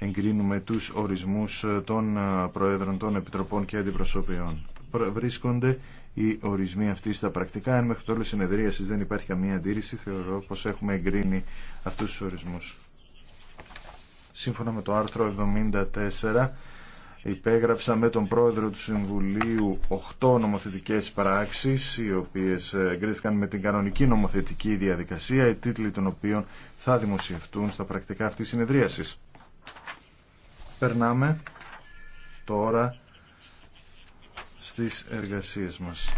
εγκρίνουμε τους ορισμούς των ε, Προέδρων των Επιτροπών και Αντιπροσωπιών. Βρίσκονται οι ορισμοί αυτοί στα πρακτικά. Αν μέχρι τώρα συνεδρίασης δεν υπάρχει καμία αντίρρηση, θεωρώ πως έχουμε εγκρίνει αυτούς τους ορισμούς. Σύμφωνα με το άρθρο 74, υπέγραψα με τον πρόεδρο του Συμβουλίου 8 νομοθετικές πράξεις οι οποίες εγκρίθηκαν με την κανονική νομοθετική διαδικασία οι τίτλοι των οποίων θα δημοσιευτούν στα πρακτικά αυτής της συνεδρίασης. Περνάμε τώρα στις εργασίες μας.